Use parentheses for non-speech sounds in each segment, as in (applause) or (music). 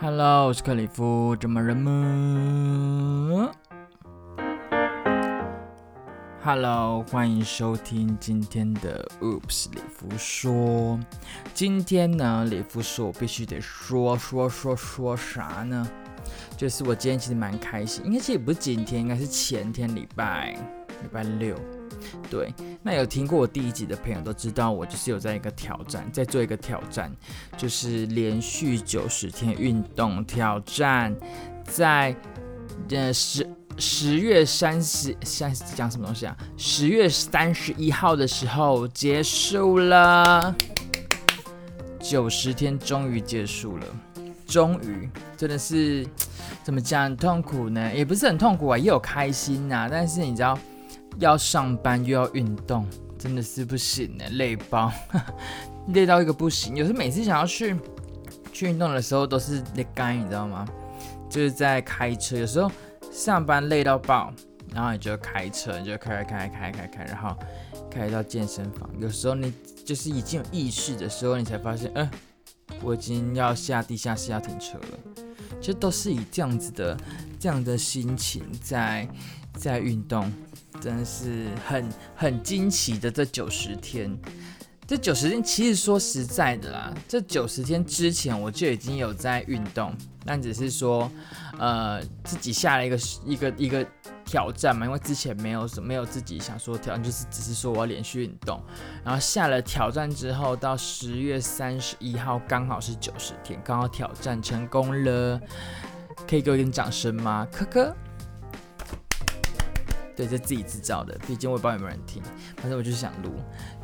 哈嘍，Hello, 我是克里夫，這麼人嗎，哈嘍，Hello, 歡迎收聽今天的 Oops，里夫說。今天呢，里夫說，我必須得說說說說啥呢？就是我今天其實蠻開心，應該其實也不是今天，應該是前天禮拜，禮拜六。對，那有聽過我第一集的朋友都知道，我就是有這樣一個挑戰，在做一個挑戰，就是連續九十天運動挑戰，在呃十十月三十，三十，講什麼東西啊？十月三十一號的時候結束了，九十天終於結束了，終於真的是怎麼講痛苦呢？也不是很痛苦啊，也有開心吶、啊，但是你知道。要上班又要運動，真的是不行呢，累爆。 (laughs) 累到一個不行。有時候每次想要去去運動的時候，都是累幹，你知道嗎？就是在開車，有時候上班累到爆，然後你就開車，你就開開開開開開，然後開到健身房。有時候你就是已經有意識的時候，你才發現，嗯、呃，我已經要下地下室，要停車了，就都是以這樣子的這樣的心情在在運動。真的是很很驚奇的這九十天，這九十天其實說實在的啦，這九十天之前我就已經有在運動，但只是說，呃，自己下了一個一個一個挑戰嘛，因為之前沒有什沒有自己想說挑戰，就是只是說我要連續運動，然後下了挑戰之後，到十月三十一號剛好是九十天，剛好挑戰成功了，可以給我一點掌聲嗎？科科。對，這自己製造的，畢竟我也不知道有沒有人聽，反正我就是想錄。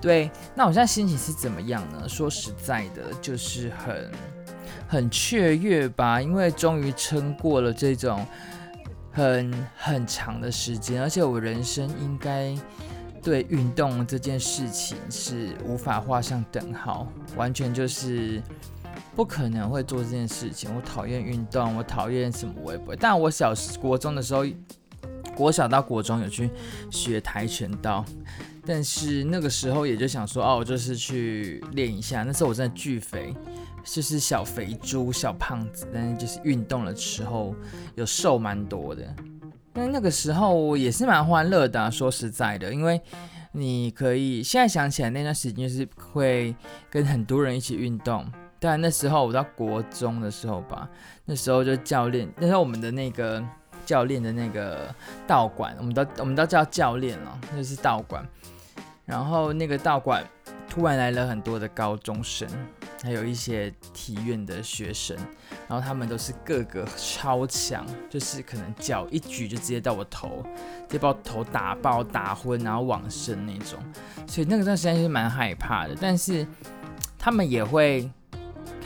對，那我現在心情是怎麼樣呢？說實在的，就是很很雀躍吧，因為終於撐過了這種很很長的時間，而且我人生應該對運動這件事情是無法畫上等號，完全就是不可能會做這件事情。我討厭運動，我討厭什麼我也不會。但我小時國中的時候。國小到國中有去學跆拳道，但是那個時候也就想說，哦、啊，我就是去練一下。那時候我真的巨肥，就是小肥豬、小胖子，但是就是運動的時候有瘦蠻多的。那那個時候也是蠻歡樂的、啊，說實在的，因為你可以現在想起來那段時間就是會跟很多人一起運動。當然那時候我到國中的時候吧，那時候就教練，那時候我們的那個。教練的那個道館，我們都我們都叫教練了，就是道館。然後那個道館突然來了很多的高中生，還有一些體院的學生，然後他們都是個個超強，就是可能腳一舉就直接到我頭，直接把我頭打爆、打昏，然後往生那種。所以那段時間就是蠻害怕的，但是他們也會。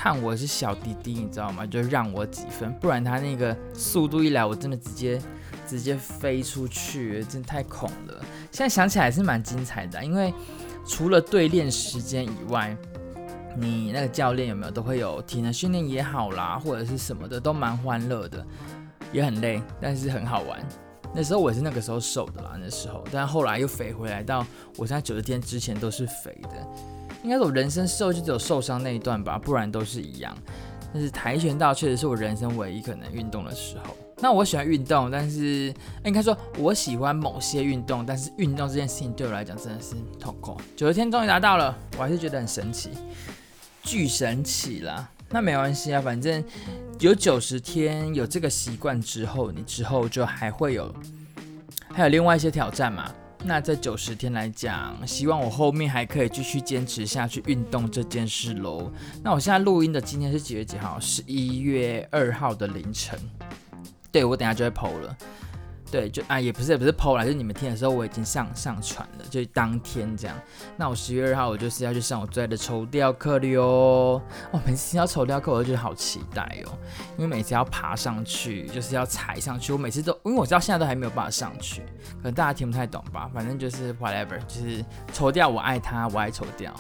看我是小弟弟，你知道嗎？就讓我幾分，不然他那個速度一來，我真的直接直接飛出去，真太恐了。現在想起來是蠻精彩的，因為除了對練時間以外，你那個教練有沒有都會有體能訓練也好啦，或者是什麼的，都蠻歡樂的，也很累，但是很好玩。那時候我也是那個時候瘦的啦，那時候，但後來又肥回來到我在九十天之前都是肥的。應該是我人生受就只有受傷那一段吧，不然都是一樣。但是跆拳道確實是我人生唯一可能運動的時候。那我喜歡運動，但是應該說我喜歡某些運動，但是運動這件事情對我來講真的是痛苦。九十天終於達到了，我還是覺得很神奇，巨神奇啦！那沒關係啊，反正有九十天有這個習慣之後，你之後就還會有，還有另外一些挑戰嘛。那在九十天來講，希望我後面還可以繼續堅持下去運動這件事嘍。那我現在錄音的今天是幾月幾號？十一月二號的凌晨。對，我等下就會 po 了。對，就啊也不是也不是 po 啦，就你們聽的時候我已經上上傳了，就是當天這樣。那我十月二號我就是要去上我最愛的綢吊課了哦。哇，每次聽到綢吊課我就覺得好期待哦，因為每次要爬上去就是要踩上去，我每次都因為我知道現在都還沒有辦法上去，可能大家聽不太懂吧。反正就是 whatever，就是綢吊我愛他，我愛綢吊。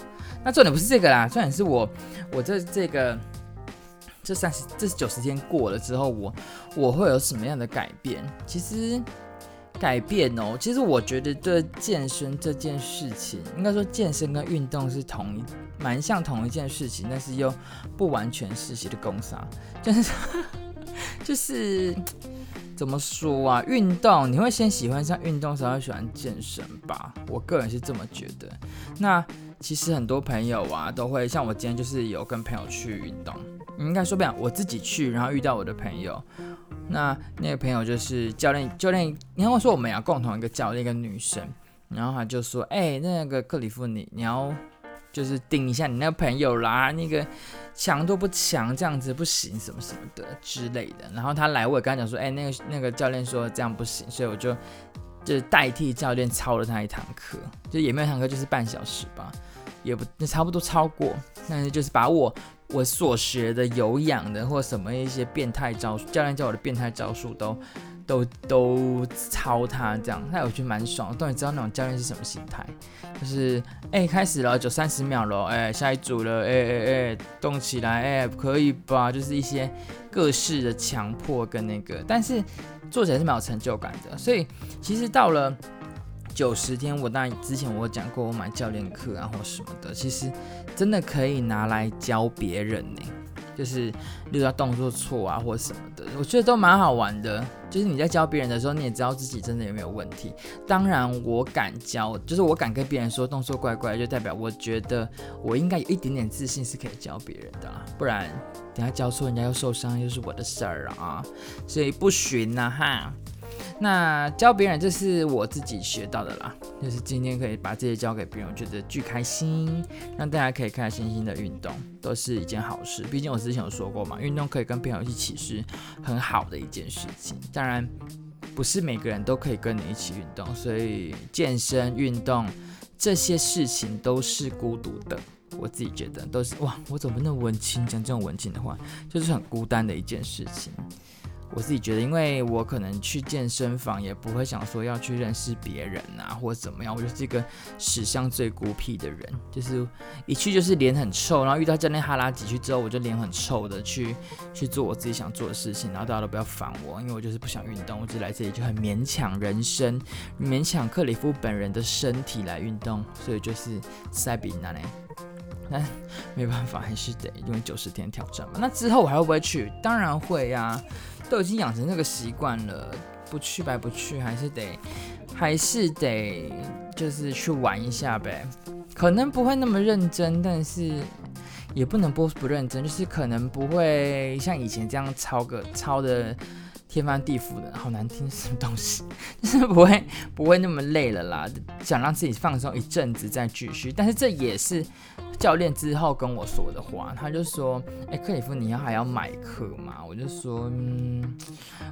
那重點不是這個啦，重點是我我這這個。這三十，這九十天過了之後我，我我會有什麼樣的改變？其實改變哦，其實我覺得對健身這件事情，應該說健身跟運動是同一蠻像同一件事情，但是又不完全實習的工傷就是就是怎麼說啊？運動你會先喜歡上運動，才會喜歡健身吧？我個人是這麼覺得。那其實很多朋友啊，都會像我今天就是有跟朋友去運動。應該說不了，我自己去，然後遇到我的朋友。那那個朋友就是教練，教練，因為說我們要共同一個教練，跟女生。然後他就說：“哎、欸，那個克里夫，你你要就是盯一下你那個朋友啦，那個強度不強，這樣子不行，什麼什麼的之類的。”然後他來，我剛剛講說：“哎、欸，那個那個教練說這樣不行，所以我就就是、代替教練操了他一堂課，就也沒有堂課，就是半小時吧。”也不，那差不多超過，但是就是把我我所學的有氧的，或什麼一些變態招數，教練教我的變態招數都都都抄他這樣，那我覺得蠻爽的。但你知道那種教練是什麼心態，就是哎、欸、開始了就三十秒了，哎、欸、下一組了，哎哎哎動起來，哎、欸、可以吧？就是一些各式的強迫跟那個，但是做起來是蠻有成就感的，所以其實到了。九十天，我當然之前我講過，我買教練課啊或什麼的，其實真的可以拿來教別人呢、欸，就是遇到動作錯啊或什麼的，我覺得都蠻好玩的。就是你在教別人的時候，你也知道自己真的有沒有問題。當然我敢教，就是我敢跟別人說動作怪怪，就代表我覺得我應該有一點點自信是可以教別人的啦、啊。不然等下教錯人家又受傷，又是我的事兒啊，啊，所以不尋吶、啊、哈。那教別人這是我自己學到的啦，就是今天可以把這些教給別人，我覺得巨開心，讓大家可以開開心心的運動，都是一件好事。畢竟我之前有說過嘛，運動可以跟朋友一起是很好的一件事情。當然，不是每個人都可以跟你一起運動，所以健身運動這些事情都是孤獨的。我自己覺得都是哇，我怎麼那麼文青？講這種文青的話，就是很孤單的一件事情。我自己覺得，因為我可能去健身房，也不會想說要去認識別人啊，或者怎麼樣。我就是一個史上最孤僻的人，就是一去就是臉很臭。然後遇到教練哈拉幾去之後，我就臉很臭的去去做我自己想做的事情。然後大家都不要煩我，因為我就是不想運動，我就來這裡就很勉強人生，勉強克里夫本人的身體來運動。所以就是塞比那嘞，那沒辦法，還是得因為九十天挑戰吧。那之後我還會不會去？當然會呀、啊。都已經養成那個習慣了，不去白不去，還是得，還是得，就是去玩一下唄。可能不會那麼認真，但是也不能不不認真，就是可能不會像以前這樣抄個抄的。天翻地覆的好難聽，什麼東西就是不會不會那麼累了啦，想讓自己放鬆一陣子再繼續。但是這也是教練之後跟我說的話，他就說：“哎、欸，克里夫，你要還要買課嗎？”我就說：“嗯，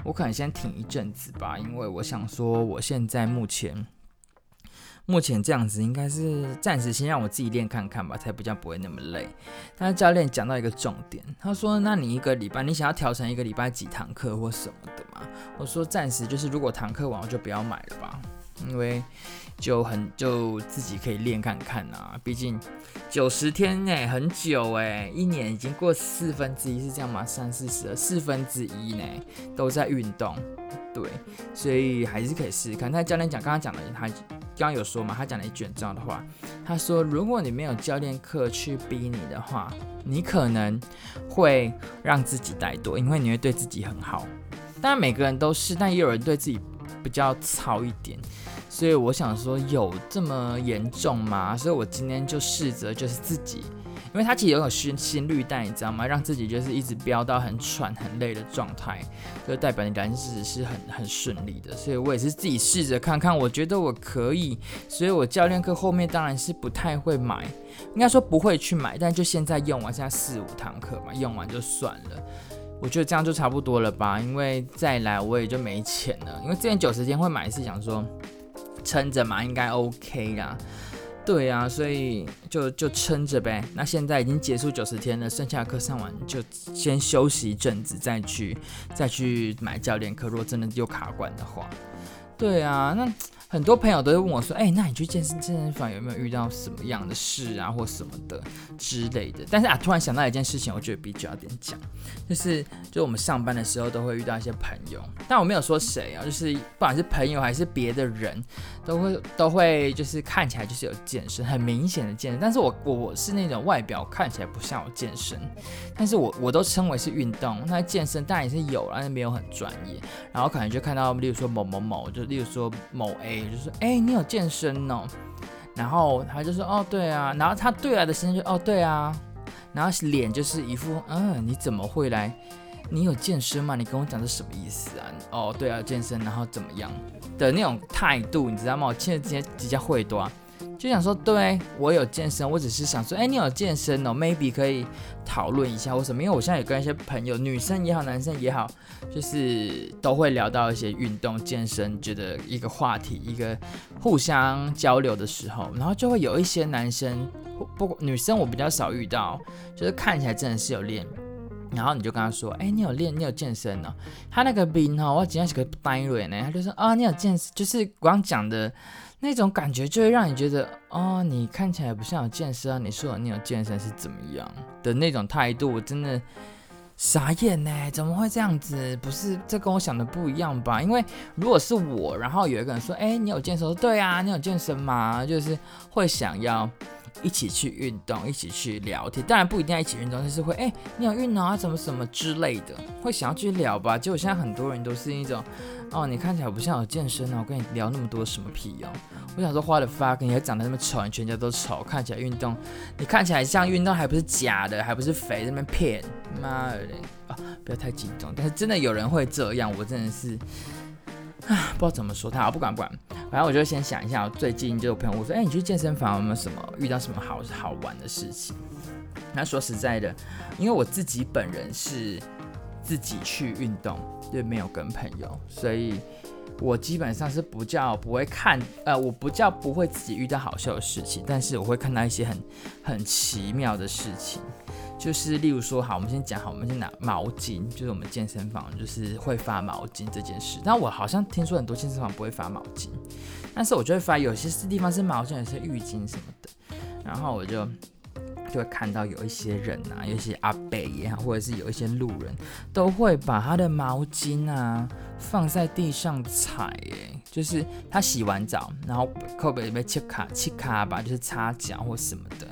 我可能先停一陣子吧，因為我想說我現在目前。”目前這樣子應該是暫時先讓我自己練看看吧，才比較不會那麼累。他教練講到一個重點，他說：“那你一個禮拜，你想要調成一個禮拜幾堂課或什麼的嗎？”我說：“暫時就是，如果堂課完我就不要買了吧，因為就很就自己可以練看看啦。”畢竟九十天哎，很久哎、欸，一年已經過四分之一是這樣嗎？三四十了，四分之一呢都在運動，對，所以還是可以試試看。但教練講，剛剛講的他。”剛剛有說嘛，他講了一卷軸的話，他說如果你沒有教練課去逼你的話，你可能會讓自己怠惰，因為你會對自己很好。當然每個人都是，但也有人對自己比較糙一點。所以我想說有這麼嚴重嗎？所以我今天就試着就是自己。因為它其實有種心心率帶，你知道嗎？讓自己就是一直飆到很喘、很累的狀態，就代表你燃脂是很很順利的。所以我也是自己試着看看，我覺得我可以。所以我教練課後面當然是不太會買，應該說不會去買。但就現在用完，現在四五堂課嘛，用完就算了。我覺得這樣就差不多了吧。因為再來我也就沒錢了。因為之前九十天會買是想說撐着嘛，應該 OK 啦。對啊，所以就就撐着唄。那現在已經結束九十天了，剩下的課上完就先休息一陣子，再去再去買教練課。如果真的又卡關的話，對啊，那。很多朋友都會問我說：“哎、欸，那你去健身健身房有沒有遇到什麼樣的事啊，或什麼的之類的？”但是啊，突然想到一件事情，我覺得比較點講，就是就我們上班的時候都會遇到一些朋友，但我沒有說誰啊，就是不管是朋友還是別的人都會都會就是看起來就是有健身，很明顯的健身。但是我我，我是那種外表看起來不像有健身，但是我我都稱為是運動。那健身當然也是有啦，但是沒有很專業，然後可能就看到例如說某某某，就例如說某 A。就是說：“哎、欸，你有健身哦？然後他就說：“哦，對啊。”然後他對來的聲音就：“哦，對啊。”然後臉就是一副：“嗯，你怎麼會來？你有健身嗎？你跟我講這什麼意思啊？”哦，對啊，健身，然後怎麼樣？的那種態度，你知道嗎？我現在直接直接會就想說，對，我有健身，我只是想說，哎、欸，你有健身哦，maybe 可以討論一下為什麼。因為我現在有跟一些朋友，女生也好，男生也好，就是都會聊到一些運動、健身，覺得一個話題，一個互相交流的時候，然後就會有一些男生，不過女生我比較少遇到，就是看起來真的是有練。然後你就跟他說，哎、欸，你有練，你有健身呢、哦？他那個臉哦，我今天是個單臉呢。他就說啊、哦，你有健身，就是光講的那種感覺，就會讓你覺得，哦，你看起來不像有健身啊。你說你有健身是怎麼樣的那種態度？我真的傻眼呢？怎麼會這樣子？不是，這跟我想的不一樣吧？因為如果是我，然後有一個人說，哎、欸，你有健身，我說對啊，你有健身嘛？就是會想要。一起去運動，一起去聊天，當然不一定要一起運動，但是會哎、欸，你有運動、哦、啊，什麼什麼之類的，會想要去聊吧。結果現在很多人都是那種，哦，你看起來不像有健身啊、哦，我跟你聊那麼多什麼屁用、哦？我想說花的髮根，你還長得那麼醜，你全家都醜，看起來運動，你看起來像運動還不是假的，還不是肥，那麼騙媽的、哦，不要太激動，但是真的有人會這樣，我真的是。啊，不知道怎麼說他，不管不管，反正我就先想一下，最近就我朋友我說，哎、欸，你去健身房有沒有什麼遇到什麼好好玩的事情？那說實在的，因為我自己本人是自己去運動，對，沒有跟朋友，所以我基本上是比較不會看，呃，我比較不會自己遇到好笑的事情，但是我會看到一些很很奇妙的事情。就是例如說，好，我們先講好，我們先拿毛巾，就是我們健身房就是會發毛巾這件事。那我好像聽說很多健身房不會發毛巾，但是我就會發有些地方是毛巾，有些浴巾什麼的。然後我就就會看到有一些人啊，有些阿伯也好，或者是有一些路人，都會把他的毛巾啊放在地上踩，哎，就是他洗完澡，然後後邊要切卡切卡吧，就是擦腳或什麼的。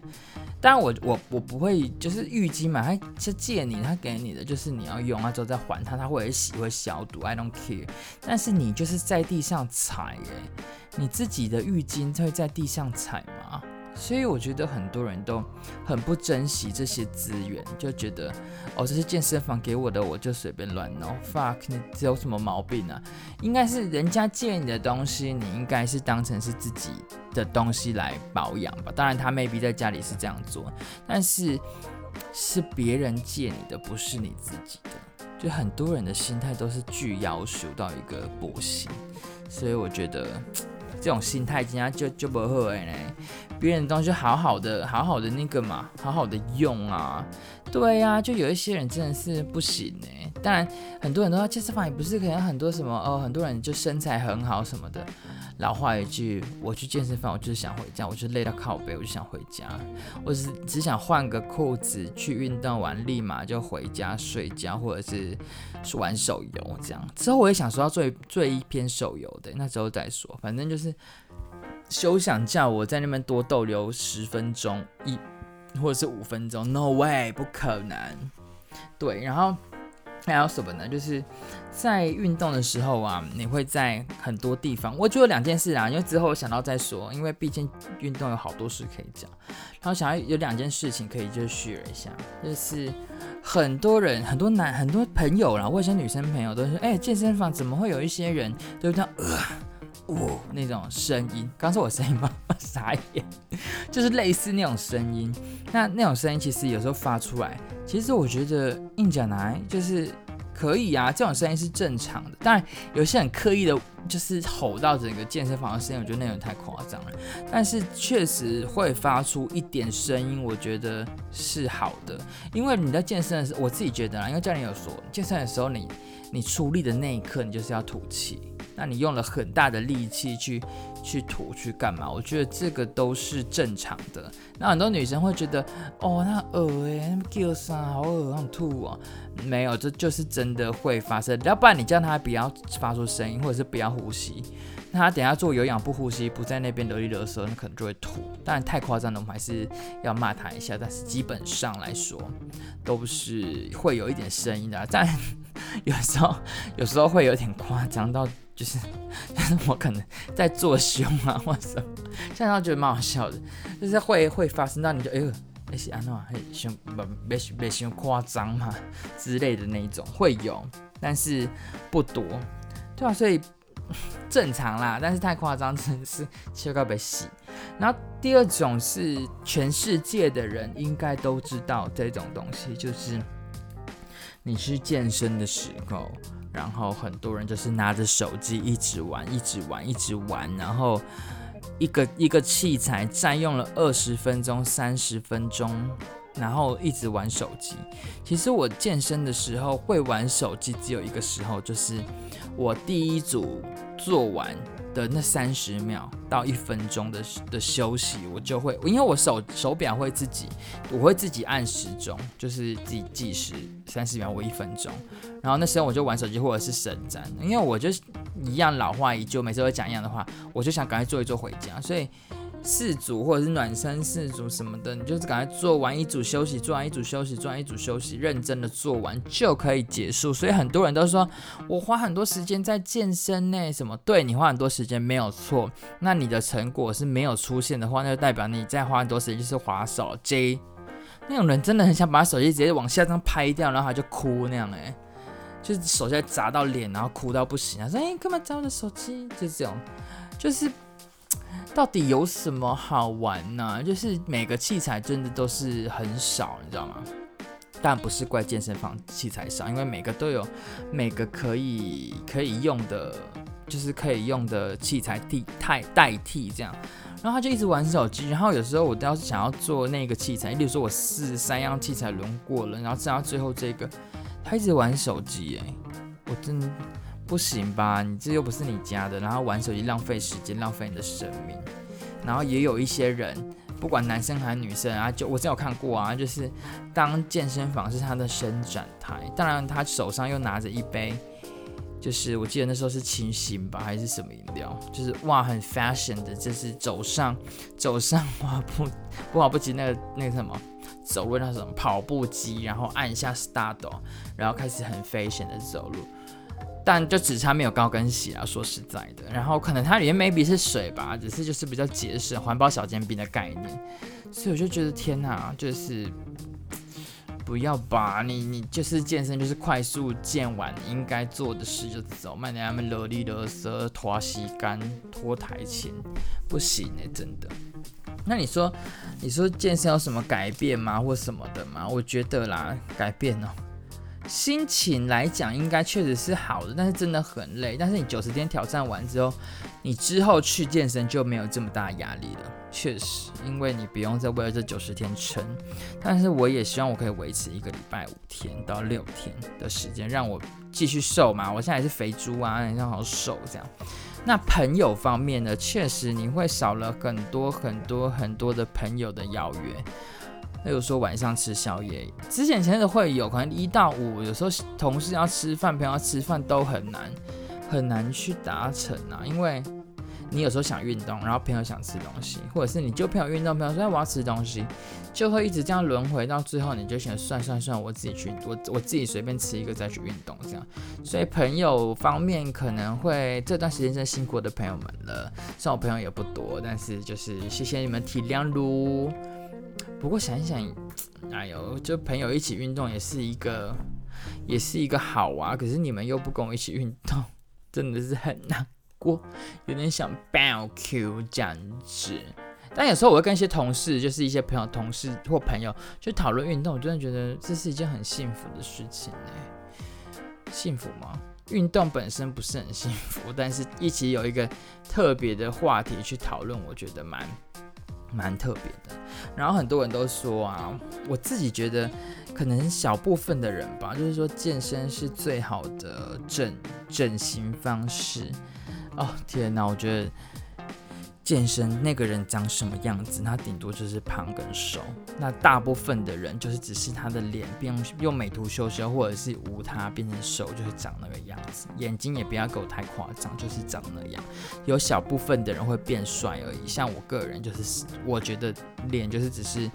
但我我我不會，就是浴巾嘛，他是借你，他給你的就是你要用啊，之後再還他，他會洗會消毒，I don't care。但是你就是在地上踩耶，你自己的浴巾會在地上踩嗎？所以我覺得很多人都很不珍惜這些資源，就覺得哦，這是健身房給我的，我就隨便亂弄。No、fuck，你這有什麼毛病啊？應該是人家借你的東西，你應該是當成是自己的東西來保養吧。當然，他 maybe 在家裡是這樣做，但是是別人借你的，不是你自己的。就很多人的心態都是巨妖術到一個不行，所以我覺得。這種心態人家就就不會呢，別人的東西好好的，好好的那個嘛，好好的用啊，對呀，啊，就有一些人真的是不行嘞。當然，很多人都在健身房，也不是可能很多什麼哦，很多人就身材很好什麼的。老話一句，我去健身房，我就是想回家，我就是累到靠背，我就想回家，我只只想換個褲子去運動完，立馬就回家睡覺，或者是玩手遊這樣。之後我也想說要做一做一篇手遊的、欸，那時候再說，反正就是休想叫我在那邊多逗留十分鐘一，或者是五分鐘，No way 不可能。對，然後。還有什麼呢？就是在運動的時候啊，你會在很多地方。我只有兩件事啊，因為之後我想到再說，因為畢竟運動有好多事可以講。然後想要有兩件事情可以就 share 一下，就是很多人、很多男、很多朋友啦，我有女生朋友都說：“哎、欸，健身房怎麼會有一些人都呃。嗚、哦，那種聲音，剛才我聲音嗎？傻眼，就是類似那種聲音。那那種聲音其實有時候發出來，其實我覺得硬講來、啊、就是可以啊，這種聲音是正常的。當然，有些很刻意的，就是吼到整個健身房的聲音，我覺得那種太誇張了。但是確實會發出一點聲音，我覺得是好的，因為你在健身的時候，我自己覺得啦，因為教練有說，健身的時候你你出力的那一刻，你就是要吐氣。那你用了很大的力氣去去吐去幹嘛？我覺得這個都是正常的。那很多女生會覺得，哦，欸、那那噁心，好噁心，那想吐啊！沒有，這就是真的會發生。要不然你叫他不要發出聲音，或者是不要呼吸。那他等一下做有氧不呼吸，不在那邊一力的時候，你可能就會吐。當然太誇張的，我們還是要罵他一下。但是基本上來說，都是會有一點聲音的、啊。但有時候，有時候會有點誇張到。就是，但是我可能在做胸啊，或者什麼，現在覺得蠻好笑的，就是會會發生到你就哎呦，那、欸、些啊，那很胸不，也許也許誇張嘛之類的那一種會有，但是不多，對啊，所以正常啦，但是太誇張真的是膝蓋被洗。然後第二種是全世界的人應該都知道這種東西，就是你去健身的時候。然後很多人就是拿着手機一直玩，一直玩，一直玩，然後一個一個器材占用了二十分鐘、三十分鐘，然後一直玩手機。其實我健身的時候會玩手機，只有一個時候就是。我第一組做完的那三十秒到一分鐘的的休息，我就會，因為我手手錶會自己，我會自己按時鐘，就是自己計時三十秒我一分鐘。然後那時候我就玩手機或者是伸展，因為我就一樣老話已久，每次都會講一樣的話，我就想趕快做一做回家，所以。四組或者是暖身四組什麼的，你就是趕快做完一組休息，做完一組休息，做完一組休息，認真的做完就可以結束。所以很多人都說我花很多時間在健身內、欸、什麼，對，你花很多時間沒有錯。那你的成果是沒有出現的話，那就代表你在花很多時間就是滑手機。那種人真的很想把手機直接往下這樣拍掉，然後他就哭那樣嘞、欸，就是手機砸到臉，然後哭到不行，啊。說、欸、哎，幹嘛砸我的手機？就這種，就是。到底有什麼好玩呢、啊？就是每個器材真的都是很少，你知道嗎？但不是怪健身房器材少，因為每個都有，每個可以可以用的，就是可以用的器材替代代替這樣。然後他就一直玩手機，然後有時候我要是想要做那個器材，例如說我四三樣器材輪過了，然後剩到最後這個，他一直玩手機哎、欸，我真的。不行吧？你這又不是你家的，然後玩手機浪費時間，浪費你的生命。然後也有一些人，不管男生還是女生啊，就我真有看過啊，就是當健身房是他的伸展台，當然他手上又拿着一杯，就是我記得那時候是清醒吧還是什麼飲料，就是哇很 fashion 的，就是走上走上哇不好不,不好不及那個那個什麼，走位那什麼跑步機，然後按一下 start，然後開始很 fashion 的走路。但就只差沒有高跟鞋啊！說實在的，然後可能它裡面 maybe 是水吧，只是就是比較節省，環保小尖兵的概念。所以我就覺得天哪，啊,就是不要把你你就是健身就是快速健完應該做的事就走，慢點們熱力熱舌拖吸桿，拖台前，不行誒、欸。真的。那你說你說健身有什麼改變嗎？或什麼的嗎？我覺得啦，改變呢、喔心情來講，應該確實是好的，但是真的很累。但是你九十天挑戰完之後，你之後去健身就沒有這麼大壓力了。確實，因為你不用再為了這九十天撐。但是我也希望我可以維持一個禮拜五天到六天的時間，讓我繼續瘦嘛。我現在還是肥豬啊，你像好瘦這樣。那朋友方面呢？確實你會少了很多很多很多的朋友的邀約。例如說晚上吃宵夜，之前前的會有可能一到五，有時候同事要吃飯，朋友要吃飯都很難，很難去達成啊。因為你有時候想運動，然後朋友想吃東西，或者是你就朋友運動，朋友說我要吃東西，就會一直這樣輪回到最後，你就想算算算,算，我自己去，我我自己隨便吃一個再去運動這樣。所以朋友方面可能會這段時間真的辛苦我的朋友們了，雖然我朋友也不多，但是就是謝謝你們體諒嚕。不過想一想，哎呦，就朋友一起運動也是一個，也是一個好啊。可是你們又不跟我一起運動，真的是很難過，有點想爆 Q 這樣子。但有時候我會跟一些同事，就是一些朋友、同事或朋友去討論運動，我真的覺得這是一件很幸福的事情欸。幸福嗎？運動本身不是很幸福，但是一起有一個特別的話題去討論，我覺得蠻。蠻特別的，然後很多人都說啊，我自己覺得，可能小部分的人吧，就是說健身是最好的整整形方式。哦，天哪，我覺得。健身那個人長什麼樣子？他頂多就是胖跟瘦。那大部分的人就是只是他的臉變，用美圖秀秀，或者是無他變成瘦，就是長那個樣子。眼睛也不要給我太誇張，就是長那樣。有小部分的人會變帥而已。像我個人就是，我覺得臉就是只是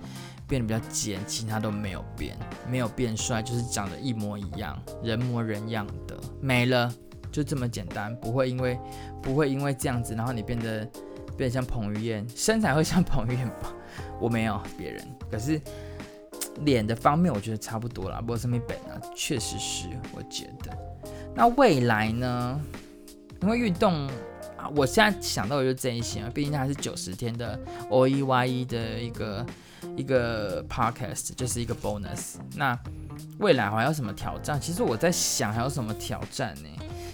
變得比較尖，其他都沒有變，沒有變帥，就是長得一模一樣，人模人樣的，沒了，就這麼簡單。不會因為，不會因為這樣子，然後你變得。變像彭於晏身材會像彭於晏吧？我沒有別人，可是臉的方面我覺得差不多啦。不過是沒本呢、啊，確實是我覺得。那未來呢？因為運動啊，我現在想到的就這一些。畢竟它是九十天的 O E Y E 的一個一個 podcast，就是一個 bonus。那未來還有什麼挑戰？其實我在想還有什麼挑戰呢？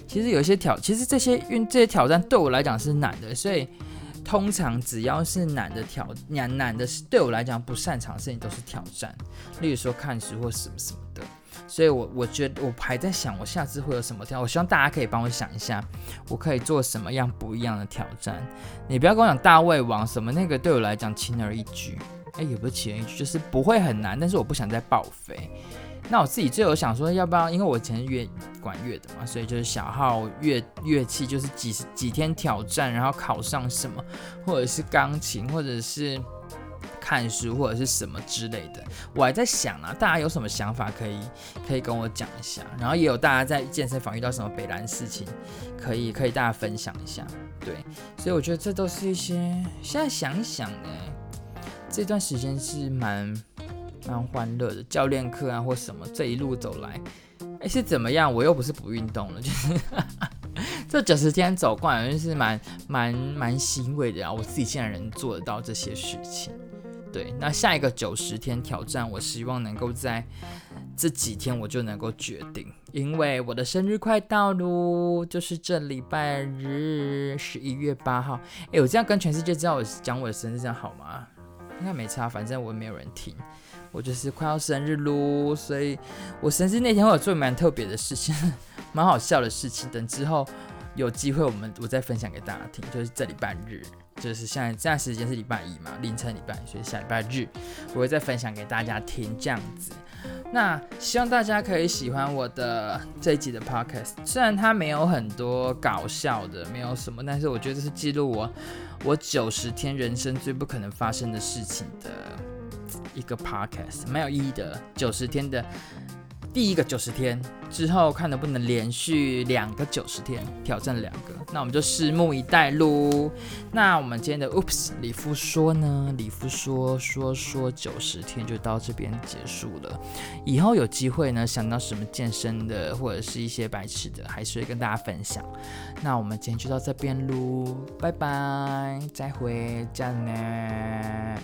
其實有一些挑，其實這些運這些挑戰對我來講是難的，所以。通常只要是難的挑，難難的是對我來講不擅長的事情都是挑戰。例如說看書或什麼什麼的，所以我我覺得我還在想我下次會有什麼挑，我希望大家可以幫我想一下，我可以做什麼樣不一樣的挑戰。你不要跟我講大胃王什麼那個，對我來講輕而易舉。哎，也不是輕而易舉，就是不會很難，但是我不想再報廢。那我自己最有想說，要不要？因為我以前是樂管樂的嘛，所以就是小號樂樂器，就是幾十幾天挑戰，然後考上什麼，或者是鋼琴，或者是看書，或者是什麼之類的。我還在想啊，大家有什麼想法可以可以跟我講一下。然後也有大家在健身房遇到什麼北爛事情，可以可以大家分享一下。對，所以我覺得這都是一些現在想一想呢、欸，這段時間是蠻。蠻歡樂的教練課啊，或什麼，這一路走來，哎，是怎麼樣？我又不是不運動了，就是呵呵這九十天走過來，就是蠻蠻蠻，蠻欣慰的啊！我自己現在能做得到這些事情，對，那下一個九十天挑戰，我希望能夠在這幾天我就能夠決定，因為我的生日快到了，就是這禮拜日十一月八號。哎，我這樣跟全世界知道我講我的生日這樣好嗎？應該沒差，反正我也沒有人聽。我就是快要生日嘍，所以我生日那天會有做蠻特別的事情， (laughs) 蠻好笑的事情。等之後有機會，我們我再分享給大家聽。就是這禮拜日，就是現在這段時間是禮拜一嘛，凌晨禮拜一，所以下禮拜日我會再分享給大家聽這樣子。那希望大家可以喜歡我的這一集的 podcast，雖然它沒有很多搞笑的，沒有什麼，但是我覺得這是記錄我我九十天人生最不可能發生的事情的。一個 podcast，沒有意義的。九十天的第一個九十天之後，看能不能連續兩個九十天，挑戰兩個。那我們就拭目以待嘍。那我們今天的 Oops，里夫說呢？里夫說說說九十天就到這邊結束了。以後有機會呢，想到什麼健身的或者是一些白痴的，還是會跟大家分享。那我們今天就到這邊嘍，拜拜，再會。家人